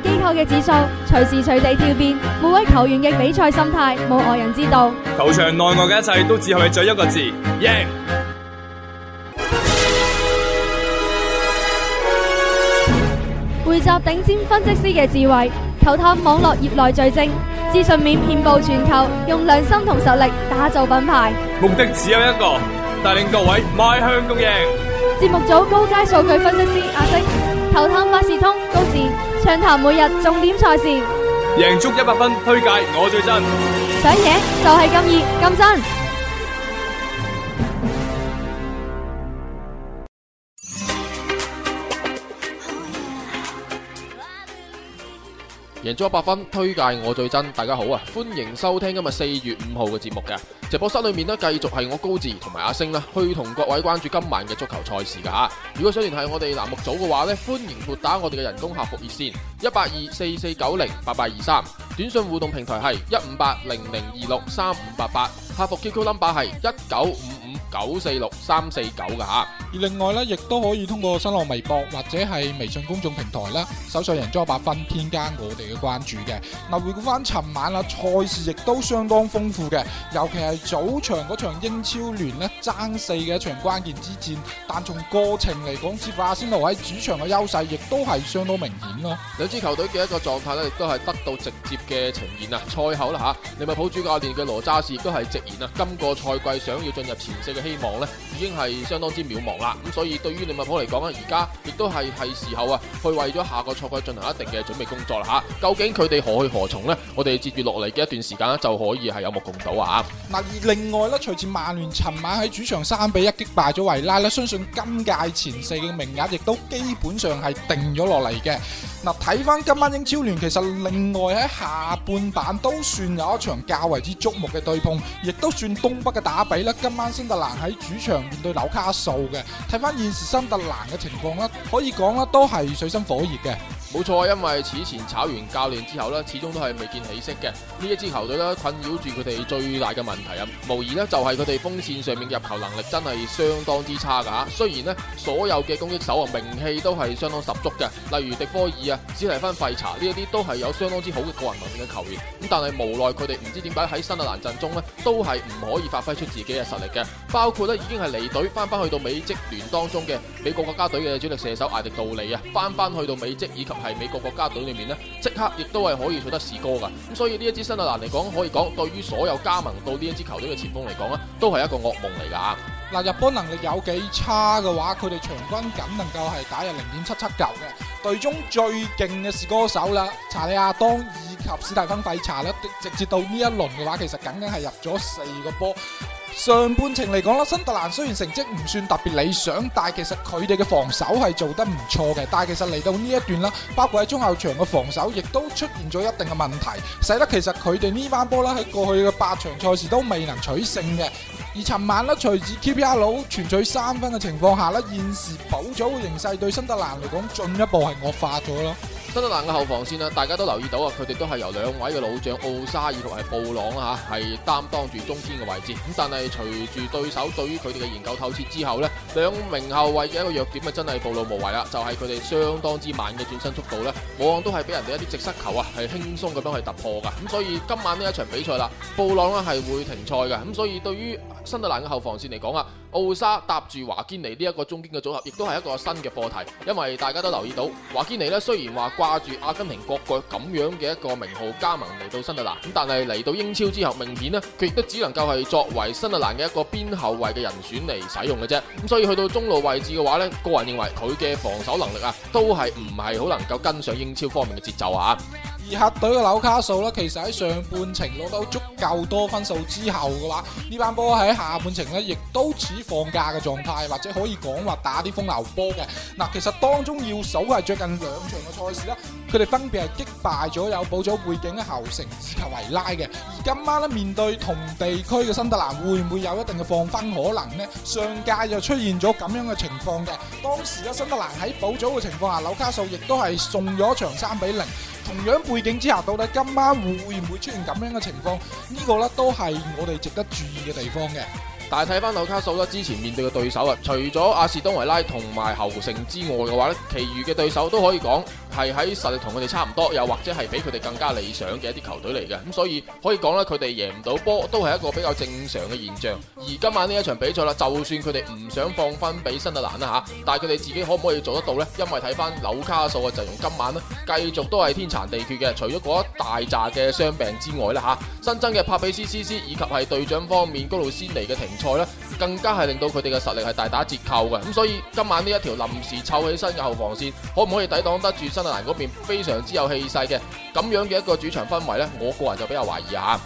機構嘅指數隨時隨地跳變，每位球員嘅比賽心態冇外人知道。球場內外嘅一切都只係在一個字：贏。匯集頂尖分析師嘅智慧，球探網絡業內最精，資訊面遍布全球，用良心同實力打造品牌。目的只有一個，帶領各位邁向共贏。節目組高階數據分析師阿星，球探百事通高智。暢談每日重點賽事，贏足 100FUN，推介我最真，想贏就係咁熱咁真。贏足 100FUN，推介我最真。大家好啊，歡迎收聽今日四月五號嘅節目嘅直播室裏面呢，繼續係我高志同埋阿星啦，去同各位關注今晚嘅足球賽事噶吓。如果想聯繫我哋欄目組嘅話呢，歡迎撥打我哋嘅人工客服熱線一八二四四九零八八二三，短信互動平台係一五八零零二六三五八八，客服 QQ number 係一九五。九四六三四九噶吓，而另外咧亦都可以通過新浪微博或者係微信公眾平臺啦，搜索贏足 100FUN 添加我哋嘅關注嘅。嗱、啊，回顧翻尋晚啊，賽事亦都相當豐富嘅，尤其係早場嗰場英超聯呢爭四嘅一場關鍵之戰，但從過程嚟講，似乎阿仙奴喺主場嘅優勢亦都係相當明顯咯、啊。兩支球隊嘅一個狀態咧，亦都係得到直接嘅呈現口啊！賽後啦吓，利物浦主教練嘅羅渣士亦都係直言啊，今個賽季想要進入前四嘅。希望咧，已經係相當之渺茫啦。咁、嗯、所以對於利物浦嚟講咧，而家亦都係係時候啊，去為咗下個賽季進行一定嘅準備工作啦。吓、啊，究竟佢哋何去何從呢？我哋接住落嚟嘅一段時間咧，就可以係有目共睹啊。嗱，而另外咧，隨住曼聯尋晚喺主場三比一擊敗咗維拉咧，相信今屆前四嘅名額亦都基本上係定咗落嚟嘅。嗱，睇翻今晚英超聯，其實另外喺下半版都算有一場較為之矚目嘅對碰，亦都算東北嘅打比啦。今晚新特蘭。喺主場面對紐卡素嘅，睇翻現時，新特蘭嘅情況啦，可以講啦，都係水深火熱嘅。冇錯啊，因為此前炒完教練之後呢，始終都係未見起色嘅。呢一支球隊咧，困擾住佢哋最大嘅問題啊，無疑呢，就係佢哋鋒線上面入球能力真係相當之差噶吓。雖然呢，所有嘅攻擊手啊，名氣都係相當十足嘅，例如迪科爾啊，史提芬·費查呢一啲都係有相當之好嘅個人能力嘅球員。咁但係無奈佢哋唔知點解喺新特蘭陣中呢，都係唔可以發揮出自己嘅實力嘅。包括呢，已經係離隊翻翻去到美職聯當中嘅美國國家隊嘅主力射手艾迪杜里啊，翻翻去到美職以及。係美國國家隊裏面呢，即刻亦都係可以取得士哥噶，咁所以呢一支新特蘭嚟講，可以講對於所有加盟到呢一支球隊嘅前鋒嚟講呢，都係一個噩夢嚟噶。嗱、啊，入波能力有幾差嘅話，佢哋場均僅能夠係打入零點七七球嘅。隊中最勁嘅士哥手啦，查理亞當以及史提芬費查呢，直接到呢一輪嘅話，其實僅僅係入咗四個波。上半程嚟講啦，新特蘭雖然成績唔算特別理想，但係其實佢哋嘅防守係做得唔錯嘅。但係其實嚟到呢一段啦，包括喺中後場嘅防守，亦都出現咗一定嘅問題，使得其實佢哋呢班波啦喺過去嘅八場賽事都未能取勝嘅。而尋晚咧，隨住 QPR 全取三分嘅情況下呢，現時保組嘅形勢對新德蘭嚟講進一步係惡化咗咯。新德蘭嘅後防線啦，大家都留意到啊，佢哋都係由兩位嘅老將奧沙爾同埋布朗啦吓，係擔當住中堅嘅位置。咁但係隨住對手對於佢哋嘅研究透徹之後呢，兩名後衞嘅一個弱點啊，真係暴露無遺啦。就係佢哋相當之慢嘅轉身速度呢，往往都係俾人哋一啲直塞球啊，係輕鬆咁樣去突破噶。咁所以今晚呢一場比賽啦，布朗咧係會停賽嘅。咁所以對於新特蘭嘅後防線嚟講啊，奧沙搭住華堅尼呢一個中堅嘅組合，亦都係一個新嘅課題，因為大家都留意到華堅尼呢，雖然話掛住阿根廷國腳咁樣嘅一個名號加盟嚟到新特蘭，咁但係嚟到英超之後明顯呢，佢亦都只能夠係作為新特蘭嘅一個邊後衞嘅人選嚟使用嘅啫。咁所以去到中路位置嘅話呢，個人認為佢嘅防守能力啊，都係唔係好能夠跟上英超方面嘅節奏啊。而客隊嘅紐卡素咧，其實喺上半程攞到足夠多分數之後嘅話，呢班波喺下半程咧，亦都似放假嘅狀態，或者可以講話打啲風流波嘅。嗱，其實當中要數係最近兩場嘅賽事咧，佢哋分別係擊敗咗有保組背景嘅侯城以及維拉嘅。而今晚咧，面對同地區嘅新特蘭，會唔會有一定嘅放分可能咧？上屆又出現咗咁樣嘅情況嘅，當時咧新特蘭喺保組嘅情況下，紐卡素亦都係送咗場三比零。同樣背景之下，到底今晚會唔會出現咁樣嘅情況？呢、這個咧都係我哋值得注意嘅地方嘅。但係睇翻紐卡素咧之前面對嘅對手啊，除咗阿士東維拉同埋侯城之外嘅話呢，其餘嘅對手都可以講。係喺實力同佢哋差唔多，又或者係比佢哋更加理想嘅一啲球隊嚟嘅，咁、嗯、所以可以講咧，佢哋贏唔到波都係一個比較正常嘅現象。而今晚呢一場比賽啦，就算佢哋唔想放分俾新特蘭啦吓，但係佢哋自己可唔可以做得到呢？因為睇翻紐卡數啊，就用今晚呢，繼續都係天殘地缺嘅，除咗嗰一大扎嘅傷病之外啦吓、啊，新增嘅帕比斯斯斯以及係隊長方面高路先尼嘅停賽咧，更加係令到佢哋嘅實力係大打折扣嘅。咁、嗯、所以今晚呢一條臨時湊起身嘅後防線，可唔可以抵擋得住新，嗰邊非常之有氣勢嘅，咁樣嘅一個主場氛圍呢，我個人就比較懷疑下。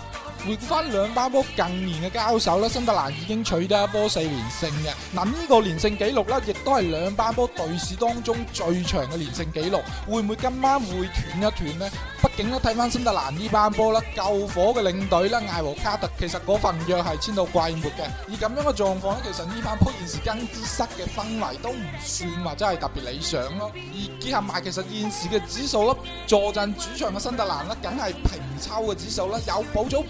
回顧返兩班波近年嘅交手呢，新特蘭已經取得一波四連勝嘅。嗱，呢個連勝紀錄呢，亦都係兩班波對史當中最長嘅連勝紀錄。會唔會今晚會斷一斷呢？畢竟呢，睇返新特蘭呢班波喇，救火嘅領隊喇，艾和卡特其實嗰份約係簽到季末嘅。而噉樣嘅狀況呢，其實呢班波現時更衣室嘅氛圍都唔算話真係特別理想囉。而結合埋其實現時嘅指數喇，坐鎮主場嘅新特蘭呢，梗係平抽嘅指數喇，有補咗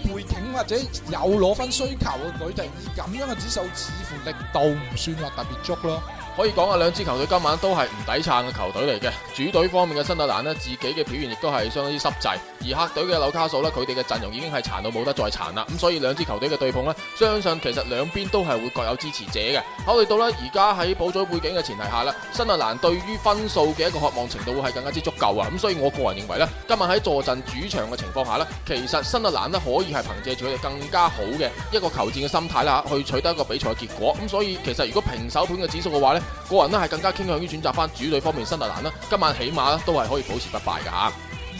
或者有攞分需求嘅舉頭，以咁樣嘅指數，似乎力度唔算話特別足咯。可以講啊，兩支球隊今晚都係唔抵撐嘅球隊嚟嘅。主隊方面嘅新特蘭呢，自己嘅表現亦都係相當之濕滯，而客隊嘅紐卡素呢，佢哋嘅陣容已經係殘到冇得再殘啦。咁所以兩支球隊嘅對碰呢，相信其實兩邊都係會各有支持者嘅。考慮到啦，而家喺保組背景嘅前提下呢，新特蘭對於分數嘅一個渴望程度會係更加之足夠啊。咁所以我個人認為呢，今晚喺坐陣主場嘅情況下呢，其實新特蘭呢，可以係憑借住佢哋更加好嘅一個球戰嘅心態啦，去取得一個比賽嘅結果。咁所以其實如果平手盤嘅指數嘅話呢個人咧係更加傾向於選擇翻主隊方面，新特蘭啦，今晚起碼都係可以保持不敗嘅吓。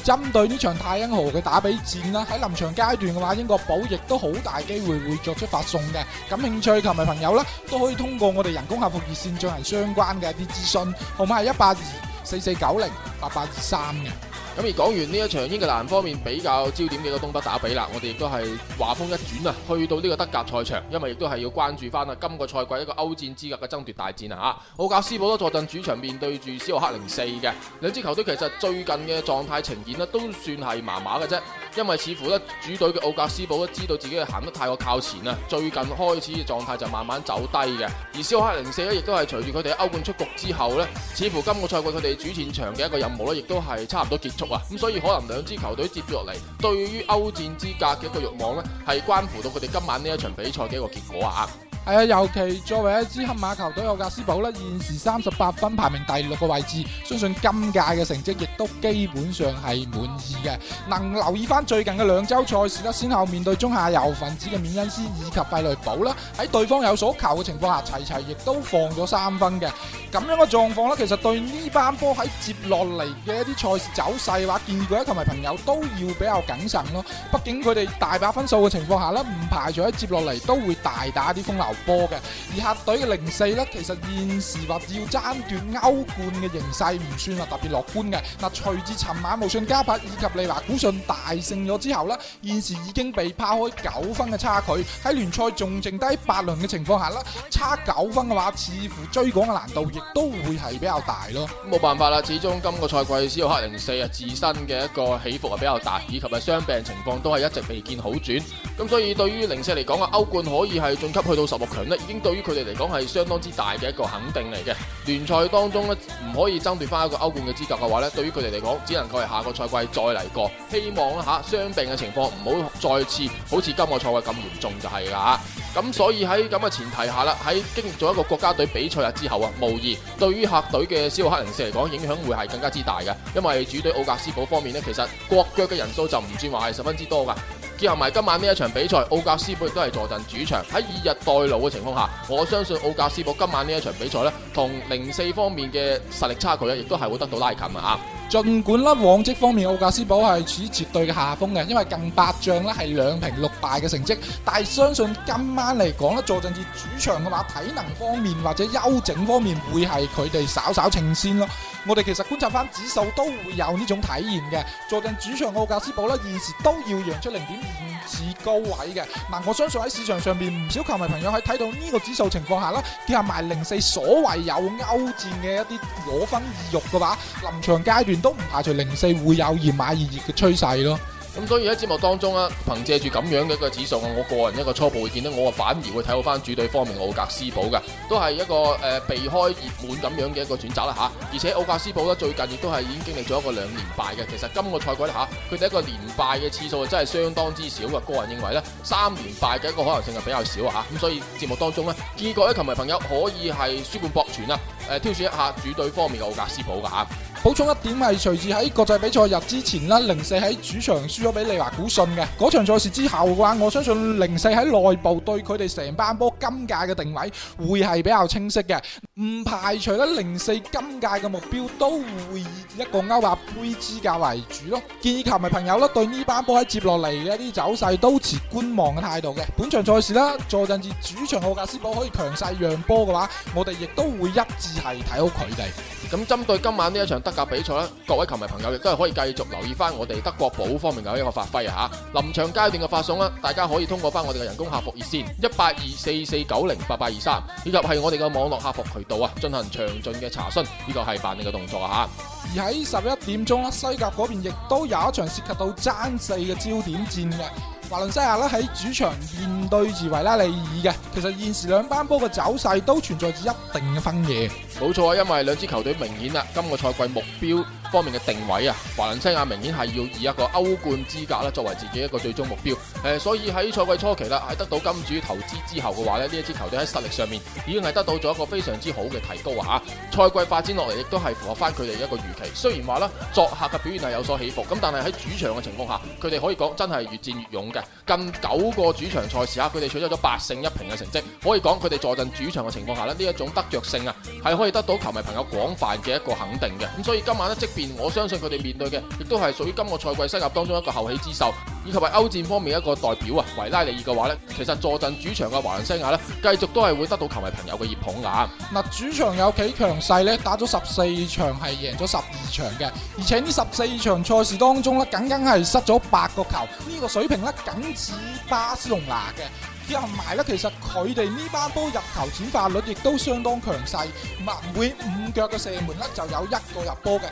針對呢場泰恩河嘅打比戰啦，喺臨場階段嘅話，英國保亦都好大機會會作出發送嘅。感興趣嘅球迷朋友呢，都可以通過我哋人工客服熱線進行相關嘅一啲資訊，號碼係一八二四四九零八八二三嘅。咁而講完呢一場英格蘭方面比較焦點嘅個東北打比啦，我哋亦都係話風一轉啊，去到呢個德甲賽場，因為亦都係要關注翻啊今個賽季一個歐戰資格嘅爭奪大戰啊嚇！奧格斯堡都坐鎮主場面對住斯洛克零四嘅兩支球隊，其實最近嘅狀態呈現呢都算係麻麻嘅啫。因為似乎咧，主隊嘅奧格斯堡都知道自己嘅行得太過靠前啦，最近開始嘅狀態就慢慢走低嘅。而斯克零四咧，亦都係隨住佢哋歐冠出局之後咧，似乎今個賽季佢哋主戰場嘅一個任務咧，亦都係差唔多結束啊。咁所以可能兩支球隊接住落嚟，對於歐戰資格嘅一個慾望咧，係關乎到佢哋今晚呢一場比賽嘅一個結果啊。係啊，尤其作為一支黑馬球隊奧格斯堡啦，現時三十八分排名第六個位置，相信今屆嘅成績亦都基本上係滿意嘅。能留意翻最近嘅兩週賽事啦，先後面對中下游分子嘅緬恩斯以及費雷堡啦，喺對方有所求嘅情況下，齊齊亦都放咗三分嘅。咁樣嘅狀況啦，其實對呢班波喺接落嚟嘅一啲賽事走勢嘅話，建議咧同埋朋友都要比較謹慎咯。畢竟佢哋大把分數嘅情況下啦，唔排除喺接落嚟都會大打啲風流。波嘅，而客隊嘅零四呢，其實現時話要爭奪歐冠嘅形勢唔算係特別樂觀嘅。嗱，隨住尋晚慕遜加柏以及利華古遜大勝咗之後呢，現時已經被拋開九分嘅差距，喺聯賽仲剩低八輪嘅情況下呢，差九分嘅話，似乎追趕嘅難度亦都會係比較大咯。冇辦法啦，始終今個賽季史浩克零四啊，自身嘅一個起伏係比較大，以及係傷病情況都係一直未見好轉。咁所以對於零四嚟講啊，歐冠可以係晉級去到十。莫強咧，已經對於佢哋嚟講係相當之大嘅一個肯定嚟嘅。聯賽當中咧，唔可以爭奪翻一個歐冠嘅資格嘅話咧，對於佢哋嚟講，只能夠係下個賽季再嚟過。希望啦、啊、吓，傷病嘅情況唔好再次好似今個賽季咁嚴重就係啦吓。咁所以喺咁嘅前提下啦，喺經歷咗一個國家隊比賽日之後啊，無疑對於客隊嘅史浩克零四嚟講，影響會係更加之大嘅。因為主隊奧格斯堡方面呢，其實國腳嘅人數就唔算話係十分之多噶。結合埋今晚呢一場比賽，奧格斯堡亦都係坐鎮主場喺以逸待勞嘅情況下，我相信奧格斯堡今晚呢一場比賽咧，同零四方面嘅實力差距咧，亦都係會得到拉近啊！儘管啦，往績方面，奧格斯堡係處於絕對嘅下風嘅，因為近八仗咧係兩平六敗嘅成績，但係相信今晚嚟講咧，坐陣至主場嘅話體能方面或者休整方面會係佢哋稍稍勝先咯。我哋其實觀察翻指數都會有呢種體驗嘅，坐陣主場奧格斯堡咧，現時都要讓出零點二五至高位嘅。嗱，我相信喺市場上面唔少球迷朋友喺睇到呢個指數情況下啦，結合埋零四所謂有歐戰嘅一啲攞分意欲嘅話臨場階段。都唔排除零四會有二馬二熱嘅趨勢咯。咁所以喺節目當中啊，憑借住咁樣嘅一個指數啊，我個人一個初步會見到我反而會睇好翻主隊方面嘅奧格斯堡嘅，都係一個誒、呃、避開熱門咁樣嘅一個選擇啦吓。而且奧格斯堡呢，最近亦都係已經經歷咗一個兩連敗嘅。其實今個賽季咧吓，佢、啊、哋一個連敗嘅次數真係相當之少嘅。個人認為呢，三連敗嘅一個可能性係比較少啊吓。咁所以節目當中呢，見過一球迷朋友可以係書本博傳啊，誒挑選一下主隊方面嘅奧格斯堡噶吓。啊補充一點係，隨住喺國際比賽日之前啦，零四喺主場輸咗俾利華古信嘅嗰場賽事之後嘅話，我相信零四喺內部對佢哋成班波金價嘅定位會係比較清晰嘅。唔排除咧，零四今屆嘅目標都會以一個歐霸杯資格為主咯。建議球迷朋友啦，對呢班波喺接落嚟嘅一啲走勢都持觀望嘅態度嘅。本場賽事啦，坐陣至主場奧格斯堡可以強勢讓波嘅話，我哋亦都會一致係睇好佢哋。咁針對今晚呢一場德甲比賽咧，各位球迷朋友亦都係可以繼續留意翻我哋德國寶方面嘅一個發揮啊！吓，臨場階段嘅發送啦，大家可以通過翻我哋嘅人工客服熱線一八二四四九零八八二三，823，以及係我哋嘅網絡客服渠。度啊，進行詳盡嘅查詢。呢個係辦理嘅動作嚇。而喺十一點鐘啦，西甲嗰邊亦都有一場涉及到爭四嘅焦點戰嘅，華倫西亞啦喺主場面對住維拉利爾嘅，其實現時兩班波嘅走勢都存在住一定嘅分野。冇錯啊，因為兩支球隊明顯啦，今個賽季目標方面嘅定位啊，華倫西亞明顯係要以一個歐冠資格啦作為自己一個最終目標。誒，所以喺賽季初期啦，喺得到金主投資之後嘅話咧，呢一支球隊喺實力上面已經係得到咗一個非常之好嘅提高啊！吓，賽季發展落嚟亦都係符合翻佢哋一個預期。雖然話呢，作客嘅表現係有所起伏，咁但係喺主場嘅情況下，佢哋可以講真係越戰越勇嘅。近九個主場賽事下，佢哋取得咗八勝一平嘅成績，可以講佢哋坐鎮主場嘅情況下呢，呢一種得着性啊，係可以得到球迷朋友廣泛嘅一個肯定嘅。咁所以今晚呢，即便我相信佢哋面對嘅，亦都係屬於今個賽季西甲當中一個後起之秀，以及係歐戰方面一個代表啊，維拉利爾嘅話咧，其實坐鎮主場嘅華倫西亞咧，繼續都係會得到球迷朋友嘅熱捧啊！嗱，主場有幾強勢咧，打咗十四場係贏咗十二場嘅，而且呢十四場賽事當中咧，僅僅係失咗八個球，呢、呢個水平咧，僅次於巴塞隆那嘅。之後埋咧，其實佢哋呢班波入球轉化率亦都相當強勢，嗱，每五腳嘅射門咧就有一個入波嘅，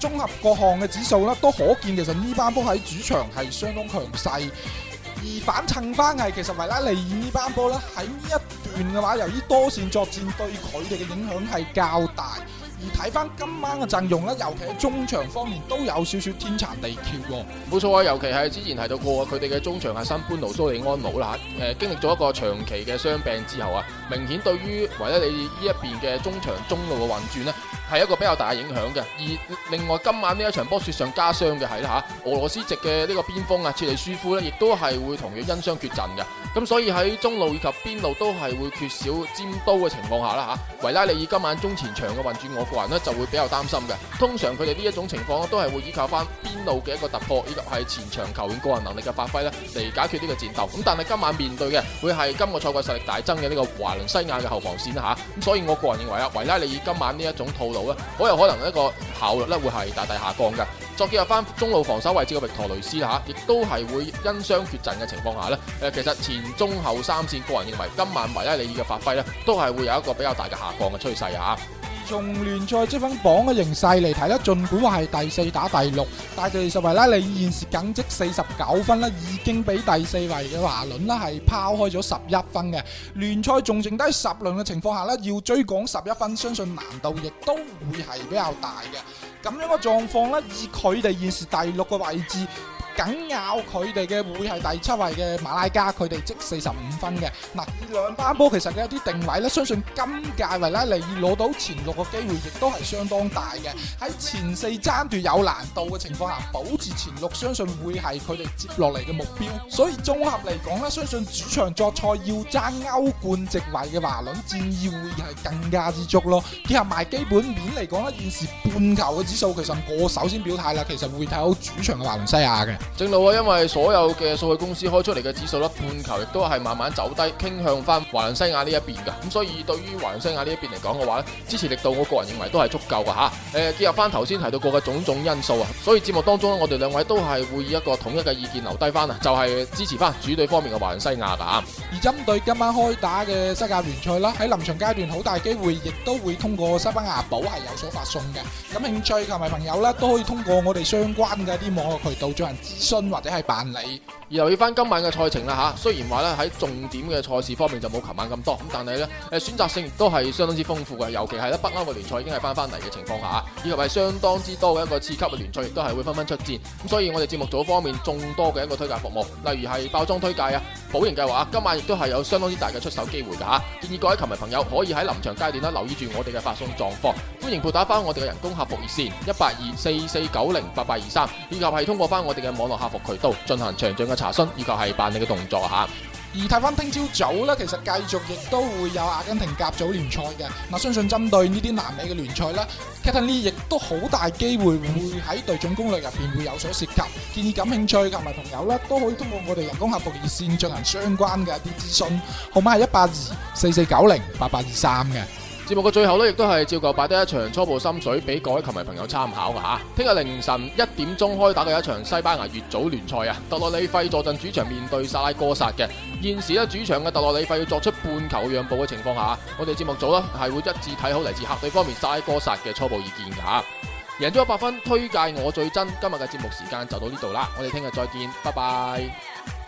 綜合各項嘅指數咧都可見，其實呢班波喺主場係相當強勢。而反襯翻係，其實維拉利爾呢班波咧喺呢一段嘅話，由於多線作戰對佢哋嘅影響係較大。而睇翻今晚嘅陣容咧，尤其喺中場方面都有少少天殘地缺喎。冇錯啊，尤其係之前提到過啊，佢哋嘅中場係新搬奴蘇利安姆啦。誒，經歷咗一個長期嘅傷病之後啊，明顯對於維埃里呢一邊嘅中場中路嘅運轉咧，係一個比較大嘅影響嘅，而另外今晚呢一場波雪上加霜嘅係啦吓，俄羅斯籍嘅呢個邊鋒啊切利舒夫呢，亦都係會同佢因傷缺陣嘅，咁所以喺中路以及邊路都係會缺少尖刀嘅情況下啦吓，維拉利爾今晚中前場嘅運轉，我個人呢就會比較擔心嘅。通常佢哋呢一種情況呢，都係會依靠翻邊路嘅一個突破，以及係前場球員個人能力嘅發揮呢嚟解決呢個戰鬥。咁但係今晚面對嘅會係今個賽季實力大增嘅呢個華倫西亞嘅後防線啦吓，咁所以我個人認為啊，維拉利爾今晚呢一種套路。好有可能一個效率咧會係大大下降嘅，作結入翻中路防守位置嘅域陀雷斯下吓，亦都係會因傷缺陣嘅情況下咧。誒，其實前中後三線，個人認為今晚維拉利爾嘅發揮咧，都係會有一個比較大嘅下降嘅趨勢啊。從聯賽積分榜嘅形勢嚟睇咧，盡管係第四打第六，但係第十位啦，你現時僅積四十九分啦，已經畀第四位嘅華倫啦係拋開咗十一分嘅。聯賽仲剩低十輪嘅情況下咧，要追趕十一分，相信難度亦都會係比較大嘅。咁樣嘅狀況咧，以佢哋現時第六嘅位置。緊咬佢哋嘅會係第七位嘅馬拉加，佢哋積四十五分嘅。嗱，兩班波其實有啲定位咧，相信今屆維拉利爾攞到前六嘅機會亦都係相當大嘅。喺前四爭奪有難度嘅情況下，保持前六，相信會係佢哋接落嚟嘅目標。所以綜合嚟講咧，相信主場作賽要爭歐冠席位嘅華倫戰意會係更加之足咯。結合埋基本面嚟講咧，現時半球嘅指數其實過手先表態啦，其實會睇好主場嘅華倫西亞嘅。正路啊，因為所有嘅數據公司開出嚟嘅指數啦，半球亦都係慢慢走低，傾向翻華倫西亞呢一邊嘅。咁所以對於華倫西亞呢一邊嚟講嘅話咧，支持力度我個人認為都係足夠嘅吓。誒、呃，結合翻頭先提到過嘅種種因素啊，所以節目當中咧，我哋兩位都係會以一個統一嘅意見留低翻啊，就係、是、支持翻主隊方面嘅華倫西亞噶。而針對今晚開打嘅西甲聯賽啦，喺臨場階段好大機會，亦都會通過西班牙寶係有所發送嘅。咁興趣球迷朋友呢，都可以通過我哋相關嘅啲網絡渠道進行。諮詢或者係辦理，而留意翻今晚嘅賽程啦嚇。雖然話咧喺重點嘅賽事方面就冇琴晚咁多，咁但係咧誒選擇性都係相當之豐富嘅，尤其係咧北歐嘅聯賽已經係翻翻嚟嘅情況下，以及係相當之多嘅一個次級嘅聯賽亦都係會紛紛出戰。咁所以我哋節目組方面眾多嘅一個推介服務，例如係包裝推介啊，保營計劃今晚亦都係有相當之大嘅出手機會噶吓，建議各位球迷朋友可以喺臨場階段呢留意住我哋嘅發送狀況，歡迎撥打翻我哋嘅人工客服熱線一八二四四九零八八二三，823, 以及係通過翻我哋嘅網絡客服渠道進行詳盡嘅查詢，以及係辦理嘅動作吓。而睇翻聽朝早咧，其實繼續亦都會有阿根廷甲組聯賽嘅。嗱，相信針對呢啲南美嘅聯賽咧，Cataly 亦都好大機會會喺隊長攻略入邊會有所涉及。建議感興趣同埋朋友咧，都可以通過我哋人工客服熱線進行相關嘅一啲資訊，號碼係一八二四四九零八八二三嘅。節目嘅最後呢，亦都係照舊擺低一場初步心水俾各位球迷朋友參考嘅吓。聽日凌晨一點鐘開打嘅一場西班牙乙組聯賽啊，特洛里費坐鎮主場面對薩拉戈薩嘅。現時呢，主場嘅特洛里費要作出半球讓步嘅情況下，我哋節目組呢係會一致睇好嚟自客隊方面薩拉戈薩嘅初步意見嘅吓。贏咗一百分，推介我最真。今日嘅節目時間就到呢度啦，我哋聽日再見，拜拜。